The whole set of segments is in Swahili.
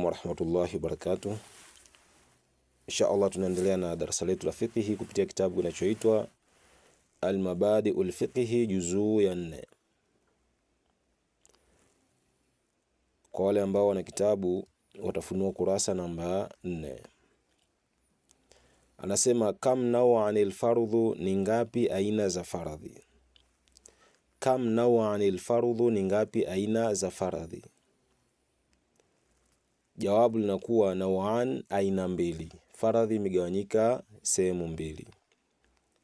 alaikum warahmatullahi wabarakatuh. Insha Allah tunaendelea na darasa letu la fiqhi kupitia kitabu kinachoitwa almabadiu Fiqhi juzuu ya nne. Kwa wale ambao wana kitabu watafunua kurasa namba nne. Anasema kam nawa anil fardhu, ni ngapi aina za faradhi? Kam nawa anil ni ngapi aina za faradhi? Jawabu linakuwa na aina mbili. Faradhi imegawanyika sehemu mbili,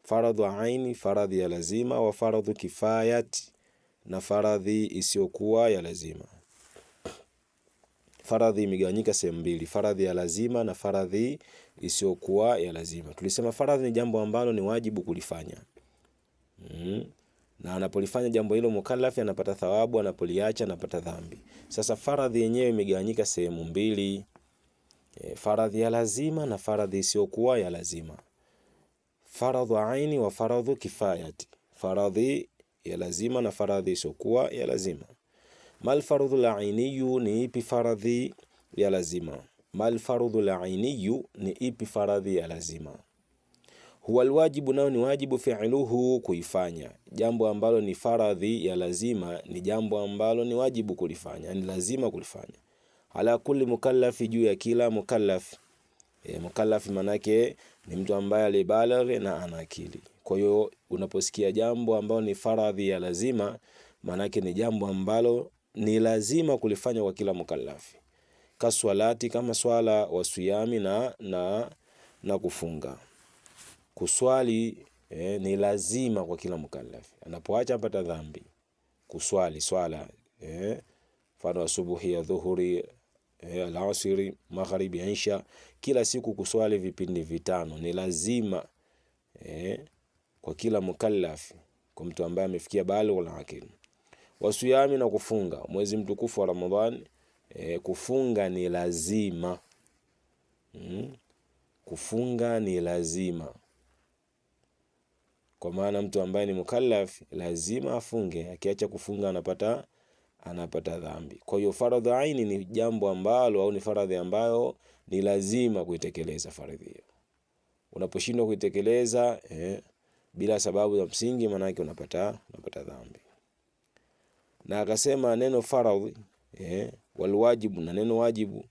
faradhu aini, faradhi ya lazima, wa faradhu kifayati, na faradhi isiyokuwa ya lazima. Faradhi imegawanyika sehemu mbili, faradhi ya lazima na faradhi isiyokuwa ya lazima. Tulisema faradhi ni jambo ambalo ni wajibu kulifanya mm na anapolifanya jambo hilo mukalafi anapata thawabu, anapoliacha anapata dhambi. Sasa faradhi yenyewe imegawanyika sehemu mbili, e, faradhi ya lazima na faradhi isiyokuwa ya lazima, faradhu aini wa faradhu kifayati, faradhi ya lazima na faradhi isiyokuwa ya lazima. Mal faradhu lainiyu, ni ipi faradhi ya lazima? Mal faradhu lainiyu, ni ipi faradhi ya lazima? huwa alwajibu, nao ni wajibu fi'luhu, kuifanya jambo ambalo ni faradhi ya lazima, ni jambo ambalo ni wajibu kulifanya, ni lazima kulifanya. Ala kulli mukallafi, juu ya kila mukallaf. E, mukallaf manake ni mtu ambaye alibaligh na ana akili. Kwa hiyo unaposikia jambo ambalo ni faradhi ya lazima, manake ni jambo ambalo ni lazima kulifanya kwa kila mukallafi, kaswalati, kama swala, wasiyami na, na, na kufunga. Kuswali eh, ni lazima kwa kila mukallafi anapoacha apata dhambi. Kuswali swala eh, mfano asubuhi ya dhuhuri eh, alasiri, magharibi ya isha, kila siku kuswali vipindi vitano ni lazima eh, kwa kila mkalafi kwa mtu ambaye amefikia balighul aqil. wasiami na kufunga mwezi mtukufu wa Ramadhani eh, kufunga ni lazima mm, kufunga ni lazima. Kwa maana mtu ambaye ni mukallaf lazima afunge, akiacha kufunga anapata anapata dhambi. Kwa hiyo faradhi aini ni jambo ambalo au ni faradhi ambayo ni lazima kuitekeleza faradhi hiyo. Unaposhindwa kuitekeleza eh, bila sababu za msingi, maana yake unapata unapata dhambi. Na akasema neno faradhi eh, walwajibu na neno wajibu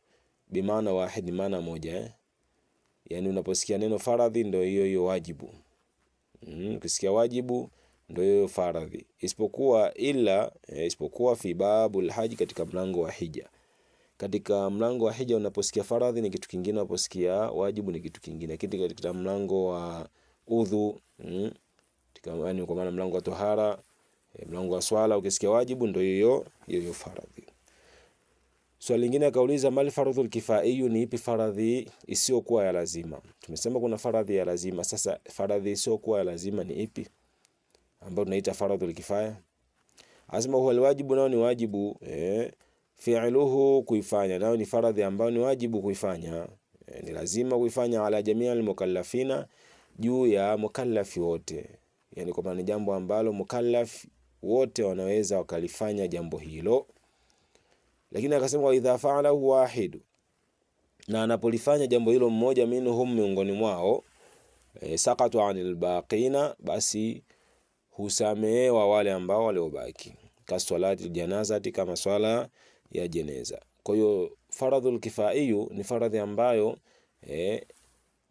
bi maana wahid, maana moja eh. Yani unaposikia neno faradhi ndio hiyo hiyo wajibu. Mm, ukisikia wajibu ndio hiyo faradhi, isipokuwa ila eh, isipokuwa fi babul haji, katika mlango wa hija. Katika mlango wa hija unaposikia faradhi ni kitu kingine, unaposikia wajibu ni kitu kingine. Lakini katika mlango wa udhu mm, kwa maana mlango wa tohara, eh, mlango wa swala, ukisikia wajibu ndio hiyo hiyo faradhi. Swali lingine akauliza mal faradhul kifaiyu, ni ipi faradhi isiyokuwa ya lazima? Tumesema kuna faradhi ya lazima. Sasa faradhi isiyokuwa ya lazima ni ipi ambayo tunaita faradhul kifaya? Asema huwa alwajibu, nao ni wajibu eh, fi'luhu, kuifanya nao ni faradhi ambayo ni wajibu kuifanya eh, ni lazima kuifanya, ala jamii almukallafina, juu ya mukallafi wote, yani kwa maana jambo ambalo mukallaf wote wanaweza wakalifanya jambo hilo lakini akasema waidha faalahu wahidu, na anapolifanya jambo hilo mmoja minhum, miongoni mwao e, sakatu anil baqina, basi husamehewa wale ambao waliobaki, kaswalati janazati, kama swala ya jeneza. Kwa hiyo faradhul kifaiyu ni faradhi ambayo e,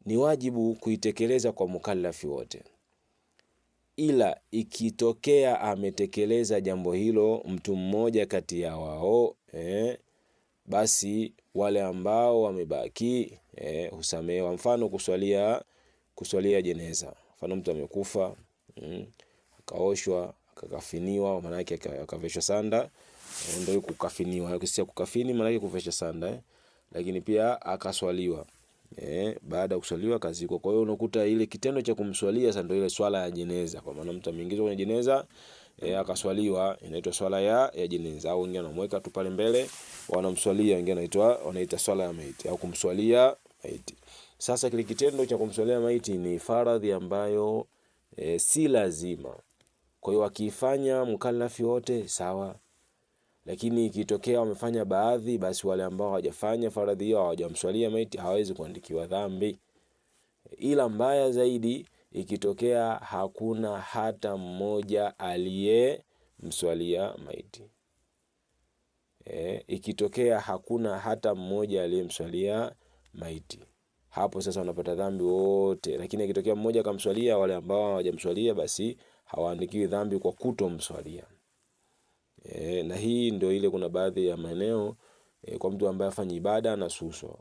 ni wajibu kuitekeleza kwa mukallafi wote ila ikitokea ametekeleza jambo hilo mtu mmoja kati ya wao eh, basi wale ambao wamebaki eh, husamehewa. Mfano kuswalia kuswalia jeneza, mfano mtu amekufa mm, akaoshwa akakafiniwa, maana yake akaveshwa sanda eh, ndio kukafiniwa, kukafini maana yake kuvesha sanda eh, lakini pia akaswaliwa eh, baada ya kuswaliwa kazikwa. Kwa hiyo unakuta ile kitendo cha kumswalia sasa ndio ile swala ya jeneza, kwa maana mtu ameingizwa kwenye jeneza eh, akaswaliwa, inaitwa swala ya, ya jeneza, au wengine wanamweka tu pale mbele wanamswalia, wengine wanaitwa wanaita swala ya maiti au kumswalia maiti. Sasa kile kitendo cha kumswalia maiti ni faradhi ambayo eh, si lazima. Kwa hiyo akifanya mkalafi wote sawa lakini ikitokea wamefanya baadhi, basi wale ambao hawajafanya faradhi hiyo, hawajamswalia maiti, hawezi kuandikiwa dhambi. Ila mbaya zaidi, ikitokea hakuna hata mmoja aliyemswalia maiti e, ikitokea hakuna hata mmoja aliyemswalia maiti hapo sasa wanapata dhambi wote, lakini akitokea mmoja akamswalia, wale ambao hawajamswalia basi hawaandikiwi dhambi kwa kutomswalia. E, na hii ndio ile, kuna baadhi ya maeneo e, kwa mtu ambaye afanya ibada anasuswa,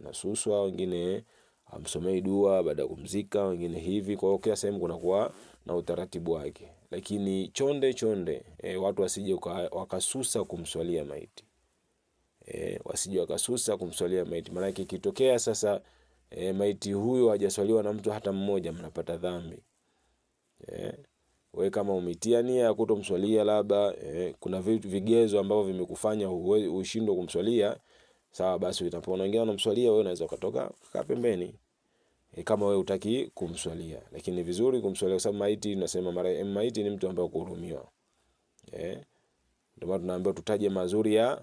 anasuswa, wengine amsomei dua baada ya kumzika, wengine hivi. Kwa hiyo kila sehemu kuna kuwa na utaratibu wake, lakini chonde chonde e, watu wasije wakasusa kumswalia maiti e, wasije wakasusa kumswalia maiti, maana ikitokea sasa e, maiti huyo hajaswaliwa na mtu hata mmoja, mnapata dhambi e we kama umetia nia ya kutomswalia labda eh, kuna vitu vigezo ambavyo vimekufanya ushindwe kumswalia sawa, basi utapona. Wengine wanamswalia wewe, unaweza ukatoka kaa pembeni eh, kama wewe utaki kumswalia, lakini vizuri kumswalia, kwa sababu maiti tunasema mara maiti ni mtu ambaye kuhurumiwa eh, ndio maana tunaambiwa tutaje mazuri ya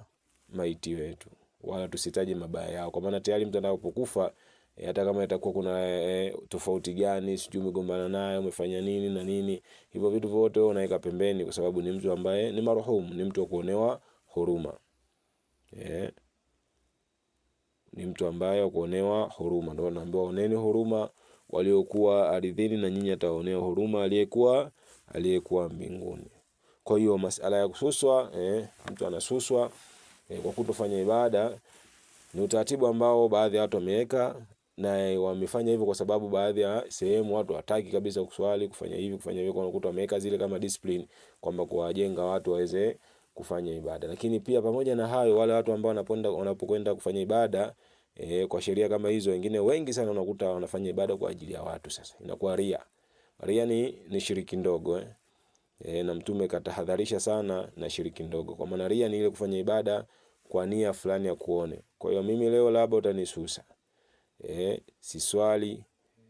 maiti wetu wala tusitaje mabaya yao, kwa maana tayari mtu anapokufa e, hata kama itakuwa kuna e, tofauti gani, sijui umegombana naye umefanya nini na nini, hivyo vitu vyote unaweka pembeni, kwa sababu ni mtu ambaye ni marhumu, ni mtu wa kuonewa huruma e, ni mtu ambaye wa kuonewa huruma. Ndio naambiwa oneni huruma waliokuwa ardhini, na nyinyi ataonea huruma aliyekuwa aliyekuwa mbinguni. Kwa hiyo masala ya kususwa e, mtu anasuswa e, kwa kutofanya ibada ni utaratibu ambao baadhi ya watu wameweka na wamefanya hivyo kwa sababu baadhi ya sehemu watu hataki kabisa kuswali, kufanya hivi, kufanya hivyo, unakuta wameweka zile kama discipline kwamba kuwajenga watu waweze kufanya ibada. Lakini pia pamoja na hayo, wale watu ambao wanapoenda wanapokwenda kufanya ibada e, kwa sheria kama hizo, wengine wengi sana unakuta wanafanya ibada kwa ajili ya watu. Sasa inakuwa ria. Ria ni, ni shiriki ndogo eh. E, na Mtume katahadharisha sana na shiriki ndogo, kwa maana ria ni ile kufanya ibada kwa nia fulani ya kuone. Kwa hiyo mimi leo labda utanisusa eh, si swali.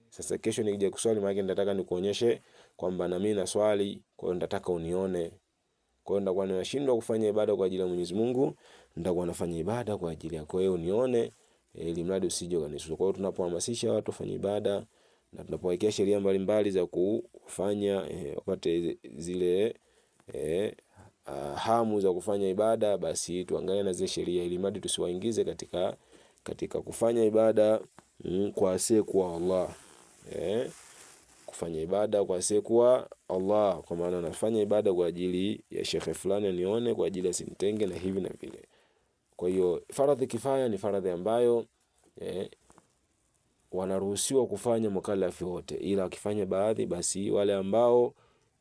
Sasa kesho nikija kuswali, maana nataka nikuonyeshe kwamba na mimi na swali, kwa hiyo nataka unione. Kwa hiyo nitakuwa ninashindwa kufanya ibada kwa ajili ya Mwenyezi Mungu, nitakuwa nafanya ibada kwa ajili yako wewe, unione ili mradi usije kanisuta. Kwa hiyo tunapohamasisha watu wafanye ibada na tunapowekea sheria mbalimbali za kufanya eh, wapate zile eh, ah, hamu za kufanya ibada, basi tuangalie na zile sheria ili mradi tusiwaingize katika katika kufanya ibada mm, kwa asiyekuwa Allah eh? Kufanya ibada kwa asiyekuwa Allah, kwa maana nafanya ibada kwa ajili ya shekhe fulani anione, kwa ajili asinitenge na hivi na vile. Kwa hiyo faradhi kifaya ni faradhi ambayo eh, wanaruhusiwa kufanya mukallafi wote, ila akifanya baadhi, basi wale ambao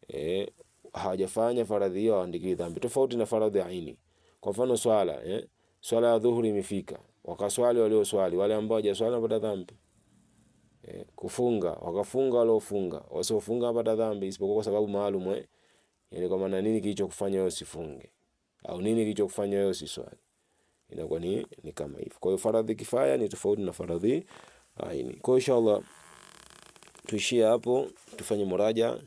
eh, hawajafanya faradhi hiyo hawaandikiwi dhambi, tofauti na faradhi aini. Kwa mfano swala eh, swala ya dhuhuri imefika wakaswali walioswali, wale ambao hawajaswali wanapata dhambi eh, kufunga wakafunga waliofunga, wasiofunga wanapata dhambi, isipokuwa kwa sababu maalum eh, yani kwa maana nini kilichokufanya wewe usifunge au nini kilichokufanya wewe usiswali, inakuwa ni, ni kama hivyo. Kwa hiyo faradhi kifaya ni tofauti na faradhi aini. Kwa hiyo inshallah tuishie hapo, tufanye muraja.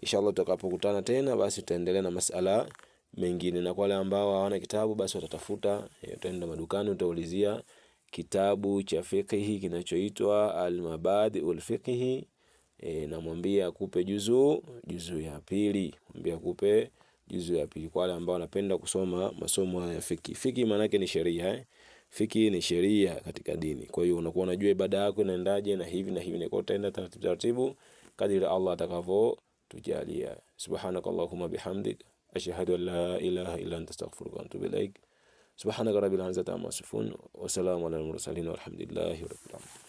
Inshallah tutakapokutana tena, basi tutaendelea na masala mengine, na kwa wale ambao hawana kitabu basi watatafuta, eh, utaenda madukani utaulizia kitabu cha fiqhi kinachoitwa Al-Mabadi ul-Fiqhi e, namwambia akupe juzu juzu ya pili, mwambia akupe juzu ya pili, kwa wale ambao wanapenda kusoma masomo ya fiki. Fiki maana yake ni sheria eh? Fiki ni sheria katika dini. Kwa hiyo unakuwa unajua ibada yako inaendaje na hivi na hivi, na utaenda taratibu taratibu kadiri Allah atakavyo tujalia. Subhanakallahumma bihamdika أشهد أن لا إله إلا أنت أستغفرك وأتوب إليك سبحانك رب العزة عما يصفون وسلام على المرسلين والحمد لله رب العالمين